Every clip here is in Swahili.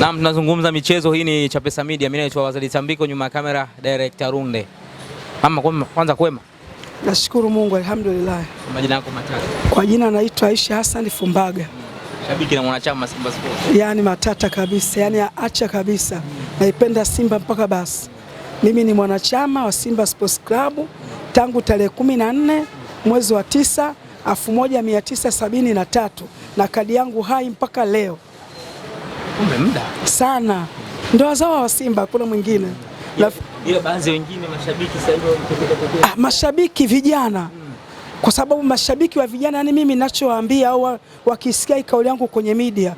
Naam, tunazungumza michezo. Hii ni Chapesa Media. Mimi naitwa Wazali Tambiko, nyuma ya kamera director Runde. Mama, kwanza kwema? Nashukuru Mungu, alhamdulillah. Majina yako matatu? Kwa jina naitwa Aisha Hassan Fumbaga. Hmm. Shabiki na mwanachama Simba Sports. Yaani matata kabisa, yaani acha kabisa. Naipenda Simba mpaka basi. Mimi ni mwanachama wa Simba Sports Club tangu tarehe 14 mwezi wa 9 1973 na kadi yangu hai mpaka leo. Kumbe muda sana ndo wazawa wa Simba, kuna mwingine ila baadhi wengine mashabiki sasa hivi ah, mashabiki vijana hmm. Kwa sababu mashabiki wa vijana, yani mimi ninachowaambia au wakisikia kauli yangu kwenye media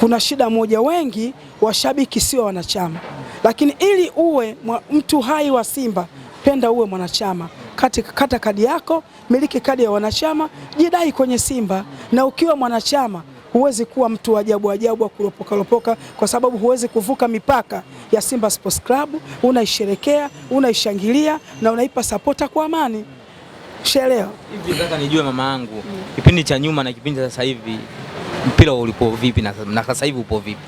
Kuna shida moja, wengi washabiki sio wanachama, lakini ili uwe mtu hai wa Simba penda uwe mwanachama kati, kata kadi yako, miliki kadi ya wanachama, jidai kwenye Simba, na ukiwa mwanachama huwezi kuwa mtu ajabu ajabu wa kulopoka lopoka, kwa sababu huwezi kuvuka mipaka ya Simba Sports Club. Unaisherekea, unaishangilia na unaipa sapota kwa amani. Shelewa hivi, nataka nijue mama yangu, kipindi cha nyuma na kipindi cha sasa hivi mpira ulikuwa vipi na sasa hivi upo vipi?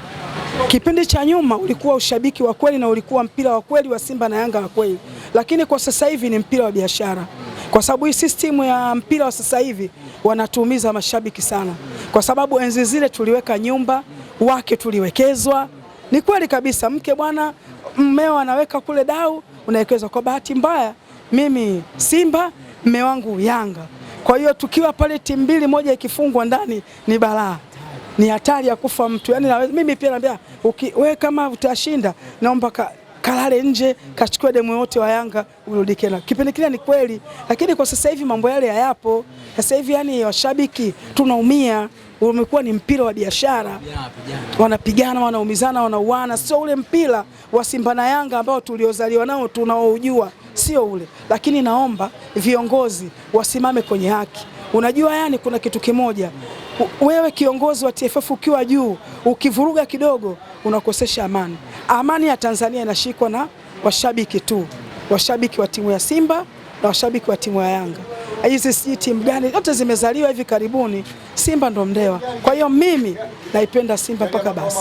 Kipindi cha nyuma ulikuwa ushabiki wa kweli na ulikuwa mpira wa kweli wa Simba na Yanga wa kweli, lakini kwa sasa hivi ni mpira wa biashara kwa sababu hii sistimu ya mpira wa sasa hivi wanatuumiza mashabiki sana, kwa sababu enzi zile tuliweka nyumba wake, tuliwekezwa. Ni kweli kabisa, mke bwana, mmeo anaweka kule dau, unawekezwa. Kwa bahati mbaya, mimi Simba, mme wangu Yanga. Kwa hiyo tukiwa pale timu mbili, moja ikifungwa ndani ni balaa ni hatari ya kufa mtu. Yani mimi pia naambia wewe, kama utashinda naomba kalale nje, kachukua demu yote wa Yanga urudi tena. Kipindi kile ni kweli, lakini kwa sasa hivi mambo yale hayapo. Sasa hivi yani washabiki tunaumia, umekuwa ni mpira wa biashara, wanapigana, wanaumizana, wanauana. Sio ule mpira wa Simba na Yanga ambao tuliozaliwa nao tunaoujua, sio ule. Lakini naomba viongozi wasimame kwenye haki. Unajua yani kuna kitu kimoja wewe kiongozi wa TFF ukiwa juu ukivuruga kidogo unakosesha amani. Amani ya Tanzania inashikwa na washabiki tu, washabiki wa timu ya Simba na washabiki wa timu ya Yanga hizi sijui timu gani zote zimezaliwa hivi karibuni, Simba ndo mdewa. Kwa hiyo mimi naipenda Simba mpaka basi,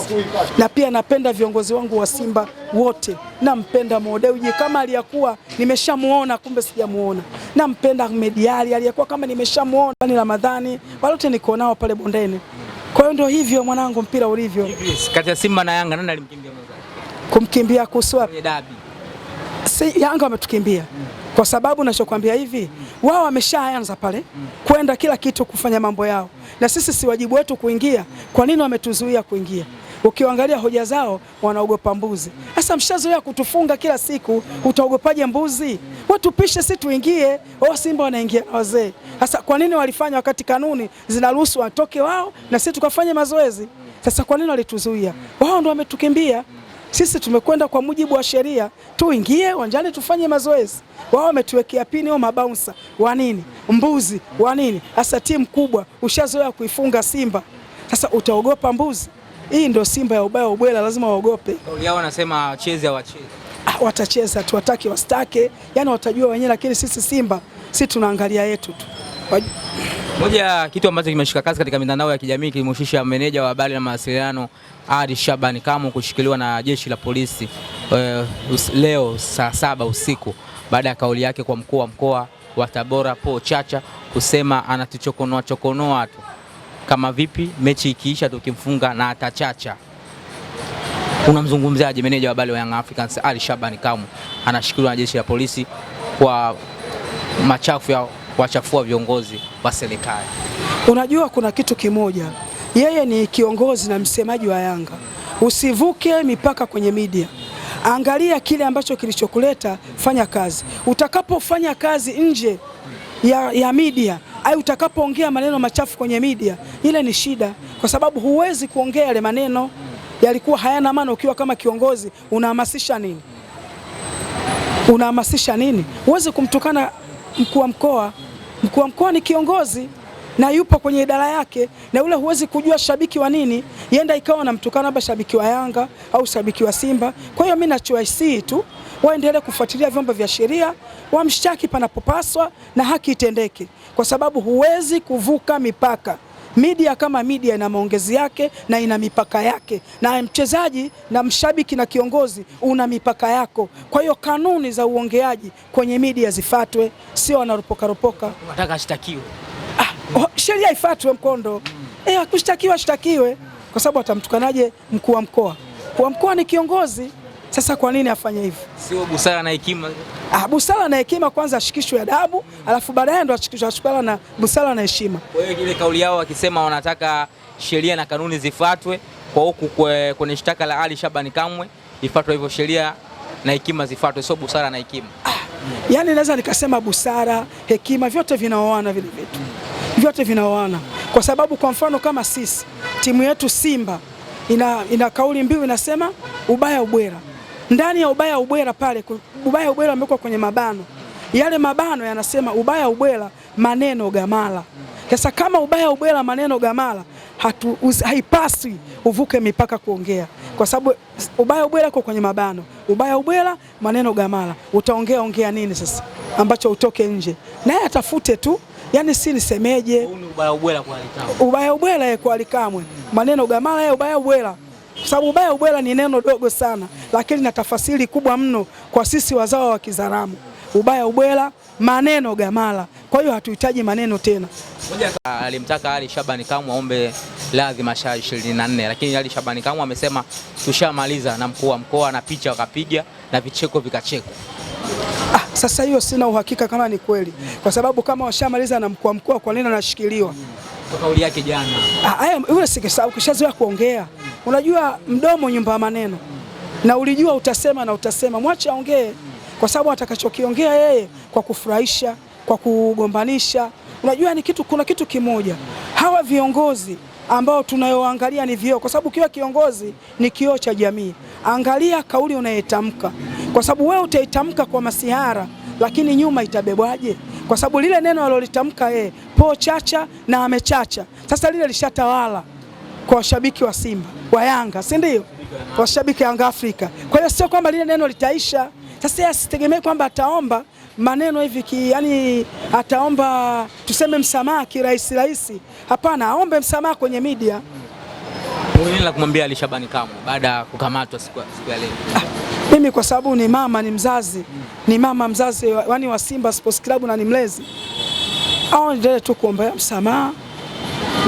na pia napenda viongozi wangu wa Simba wote. Nampenda Mo kama aliyakuwa nimeshamuona, kumbe sijamuona. Nampenda Ahmed Ally aliyakuwa kama nimeshamuona, ni Ramadhani, walote niko nao pale bondeni. Kwa hiyo ndio hivyo mwanangu, mpira ulivyo. Kati ya Simba na Yanga nani alimkimbia kumkimbia kuswa? Si Yanga wametukimbia hmm. kwa sababu nachokwambia hivi wao wameshaanza pale kwenda kila kitu kufanya mambo yao, na sisi si wajibu wetu kuingia. Kwa nini wametuzuia kuingia? Ukiangalia hoja zao, wanaogopa mbuzi. Sasa mshazoea kutufunga kila siku, utaogopaje mbuzi? Watupishe si tuingie, wao Simba wanaingia na wazee. Sasa kwa nini walifanya wakati kanuni zinaruhusu watoke wao na sisi tukafanya mazoezi? Sasa kwa nini walituzuia? Wao ndo wametukimbia. Sisi tumekwenda kwa mujibu wa sheria, tuingie uwanjani tufanye mazoezi. Wao wametuwekea pini au mabaunsa wa nini, mbuzi wa nini? Sasa timu kubwa ushazoea kuifunga Simba, sasa utaogopa mbuzi? Hii ndio Simba ya ubaya ubwela, lazima waogope. Kauli yao wanasema wacheze, hawacheze ah, watacheza tu, wastake, yani watajua wenyewe, lakini sisi Simba si tunaangalia yetu tu. Moja kitu ambacho kimeshika kazi katika mitandao ya kijamii kilimhusisha meneja wa habari na mawasiliano ali Shabani Kamwe kushikiliwa na jeshi la polisi uh, us, leo saa saba usiku baada ya kauli yake kwa mkuu wa mkoa wa Tabora Po Chacha kusema anatuchokonoa chokonoa tu kama vipi, mechi ikiisha tukimfunga na atachacha. Unamzungumzaje meneja wa bali wa Young Africans Ali Shabani Kamwe anashikiliwa na jeshi la polisi kwa machafu ya wachafua viongozi wa serikali? Unajua kuna kitu kimoja yeye ni kiongozi na msemaji wa Yanga, usivuke mipaka kwenye media. Angalia kile ambacho kilichokuleta, fanya kazi. Utakapofanya kazi nje ya, ya media au utakapoongea maneno machafu kwenye media, ile ni shida, kwa sababu huwezi kuongea yale maneno, yalikuwa hayana maana. Ukiwa kama kiongozi unahamasisha nini? Unahamasisha nini? Huwezi kumtukana mkuu wa mkoa. Mkuu wa mkoa ni kiongozi na yupo kwenye idara yake, na ule huwezi kujua shabiki wa nini, yenda ikawa anamtukana labda shabiki wa Yanga au shabiki wa Simba. Kwa hiyo mimi nachowaisii tu waendelee kufuatilia vyombo vya sheria, wamshtaki panapopaswa na haki itendeke, kwa sababu huwezi kuvuka mipaka. Media kama media ina maongezi yake na ina mipaka yake, na mchezaji na mshabiki na kiongozi una mipaka yako. Kwa hiyo kanuni za uongeaji kwenye media zifatwe, sio wanaropokaropoka wataka ashtakiwe oh, sheria ifuatwe mkondo mm. Eh, akushtakiwa shtakiwe, kwa sababu atamtukanaje mkuu wa mkoa? Mkuu wa mkoa ni kiongozi. Sasa kwa nini afanye hivyo? Sio busara na hekima? Ah, busara na hekima kwanza ashikishwe adabu mm. alafu baadaye ndo ashikishwe na busara na heshima. Kwa hiyo ile kauli yao wakisema wanataka sheria na kanuni zifuatwe kwa huku kwenye shtaka la Ali Shabani Kamwe ifuatwe hivyo, sheria na hekima zifuatwe, sio busara na hekima. Ah, Yaani naweza nikasema busara, hekima vyote vinaoana vile vitu mm vyote vinaoana, kwa sababu kwa mfano kama sisi timu yetu Simba ina, ina kauli mbiu inasema ubaya ubwera. Ndani ya ubaya ubwera pale ubaya ubwera amewekwa kwenye mabano yale mabano yanasema ubaya ubwera maneno gamala. Sasa kama ubaya ubwera maneno gamala hatu, haipaswi uvuke mipaka kuongea, kwa sababu ubaya ubwera uko kwenye mabano, ubaya ubwera maneno gamala. Utaongea ongea nini sasa ambacho utoke nje? Naye atafute tu yani si nisemeje, ubaya ubwela kwa Alikamwe maneno gamala ya ubaya ubwela kwa sababu ubaya ubwela ni neno dogo sana, lakini na tafasiri kubwa mno kwa sisi wazawa wa Kizaramo. Ubaya ubwela maneno gamala, kwa hiyo hatuhitaji maneno tena. Alimtaka Ali Shabani Kamwe aombe radhi na 24 lakini Ali Shabani Kamwe amesema tushamaliza na mkuu wa mkoa na picha wakapiga na vicheko vikachekwa. Sasa hiyo sina uhakika kama ni kweli, kwa sababu kama washamaliza na mkoa mkoa, kwa nini anashikiliwa? Kauli yake jana ah, yule sikisahau, kishazoea kuongea unajua mdomo nyumba ya maneno, na ulijua utasema na utasema, mwache aongee, kwa sababu atakachokiongea yeye kwa kufurahisha, kwa kugombanisha, unajua ni kitu, kuna kitu kimoja hawa viongozi ambao tunayoangalia ni vioo, kwa sababu ukiwa kiongozi ni kioo cha jamii. Angalia kauli unayetamka kwa sababu wewe utaitamka kwa masihara, lakini nyuma itabebwaje? Kwa sababu lile neno alolitamka yeye po chacha na amechacha, sasa lile lishatawala kwa washabiki wa Simba wa Yanga, si ndio? Kwa washabiki wa Yanga Afrika. Kwa hiyo sio kwamba lile neno litaisha. Sasa yeye asitegemee kwamba ataomba maneno hivi ki, yani ataomba tuseme msamaha kirahisi rahisi. Hapana, aombe msamaha kwenye media. Nini la kumwambia Ali Shabani Kamwe baada ya kukamatwa siku ya leo? Ah, mimi kwa sababu ni mama, ni mzazi, ni mama mzazi, yaani wa Simba Sports Club na ni mlezi, au ndio tu kuombea msamaha,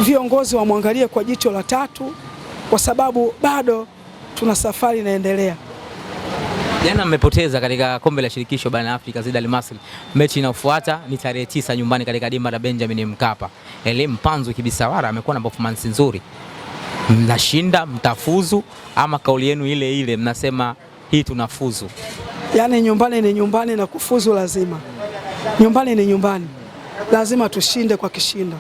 viongozi wamwangalie kwa jicho la tatu, kwa sababu bado tuna safari inaendelea. Jana mmepoteza katika kombe la shirikisho barani Afrika zidi Al Masry. Mechi inayofuata ni tarehe tisa nyumbani katika dimba la Benjamin Mkapa. Elie Mpanzu kibisawara amekuwa na performance nzuri, mnashinda mtafuzu, ama kauli yenu ile ile mnasema hii tunafuzu. Yaani nyumbani ni nyumbani na kufuzu lazima, nyumbani ni nyumbani, lazima tushinde kwa kishindo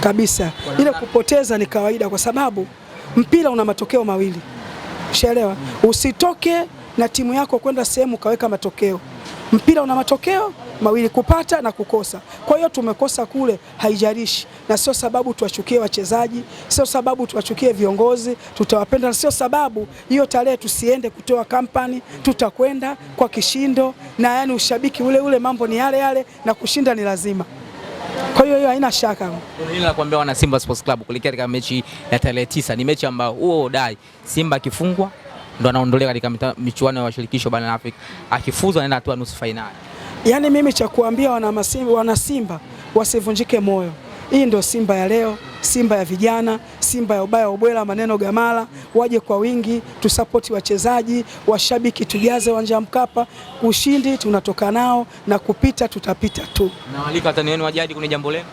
kabisa. Ile kupoteza ni kawaida, kwa sababu mpira una matokeo mawili, ushaelewa? Usitoke na timu yako kwenda sehemu ukaweka matokeo. Mpira una matokeo mawili, kupata na kukosa. Kwa hiyo tumekosa kule, haijalishi, na sio sababu tuwachukie wachezaji, sio sababu tuwachukie viongozi, tutawapenda, na sio sababu hiyo tarehe tusiende kutoa kampani, tutakwenda kwa kishindo, na yani ushabiki ule ule, mambo ni yale yale, na kushinda ni lazima. Kwa hiyo hiyo haina shaka. Nini kuambia wana Simba Sports Club kuelekea katika mechi ya tarehe tisa, ni mechi ambayo huo dai Simba akifungwa ndo anaondolewa katika michuano ya washirikisho barani Afrika, akifuzwa anaenda hatua nusu fainali. Yaani mimi cha kuambia wana Simba, wana Simba wasivunjike moyo. Hii ndio Simba ya leo, Simba ya vijana, Simba ya ubaya ubwela, maneno gamala. Waje kwa wingi, tusapoti wachezaji, washabiki, tujaze uwanja Mkapa. Ushindi tunatoka nao na kupita tutapita tu. Nawaalika watani wenu wajadi kwenye jambo lenu,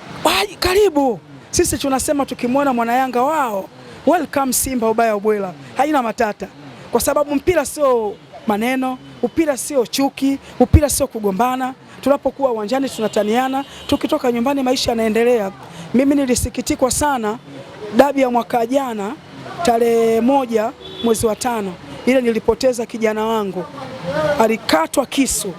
karibu sisi tunasema tukimwona mwana Yanga wao welcome Simba ubaya ubwela, haina matata, kwa sababu mpira sio maneno Upira sio chuki, upira sio kugombana. Tunapokuwa uwanjani tunataniana, tukitoka nyumbani maisha yanaendelea. Mimi nilisikitikwa sana dabi ya mwaka jana tarehe moja mwezi wa tano, ile nilipoteza kijana wangu, alikatwa kisu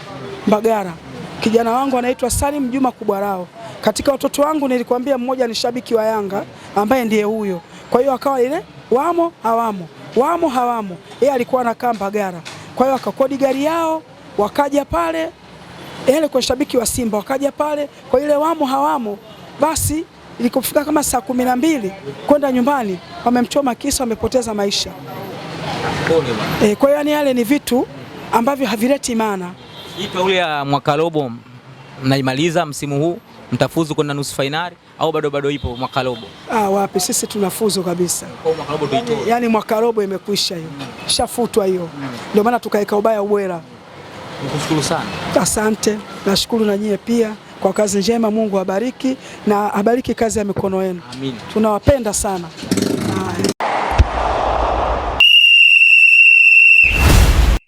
Mbagara. Kijana wangu anaitwa Salim Juma Kubwarao. Katika watoto wangu nilikwambia mmoja ni shabiki wa Yanga ambaye ndiye huyo. Kwa hiyo akawa ile wamo hawamo, wamo hawamo, yeye alikuwa anakaa Mbagara. Kwa hiyo wakakodi gari yao wakaja pale ele yaani kwa shabiki wa Simba wakaja pale kwa ile wamo hawamo, basi ilikofika kama saa kumi na mbili kwenda nyumbani, wamemchoma kisu, wamepoteza maisha. E, kwa hiyo yani yale ni vitu ambavyo havileti maana. Ipe ule ya mwaka robo mnaimaliza msimu huu mtafuzu kwenda nusu fainali au bado bado ipo mwaka robo? Ah, wapi sisi tunafuzu kabisa. yani mwaka robo tuitoe. Yaani mwaka robo imekwisha hiyo. Mm. Shafutwa hiyo. Mm. Ndio maana tukaweka ubaya ubwera. Nikushukuru sana. Asante. Nashukuru na nyie pia kwa kazi njema. Mungu abariki na abariki kazi ya mikono yenu. Amina. Tunawapenda sana.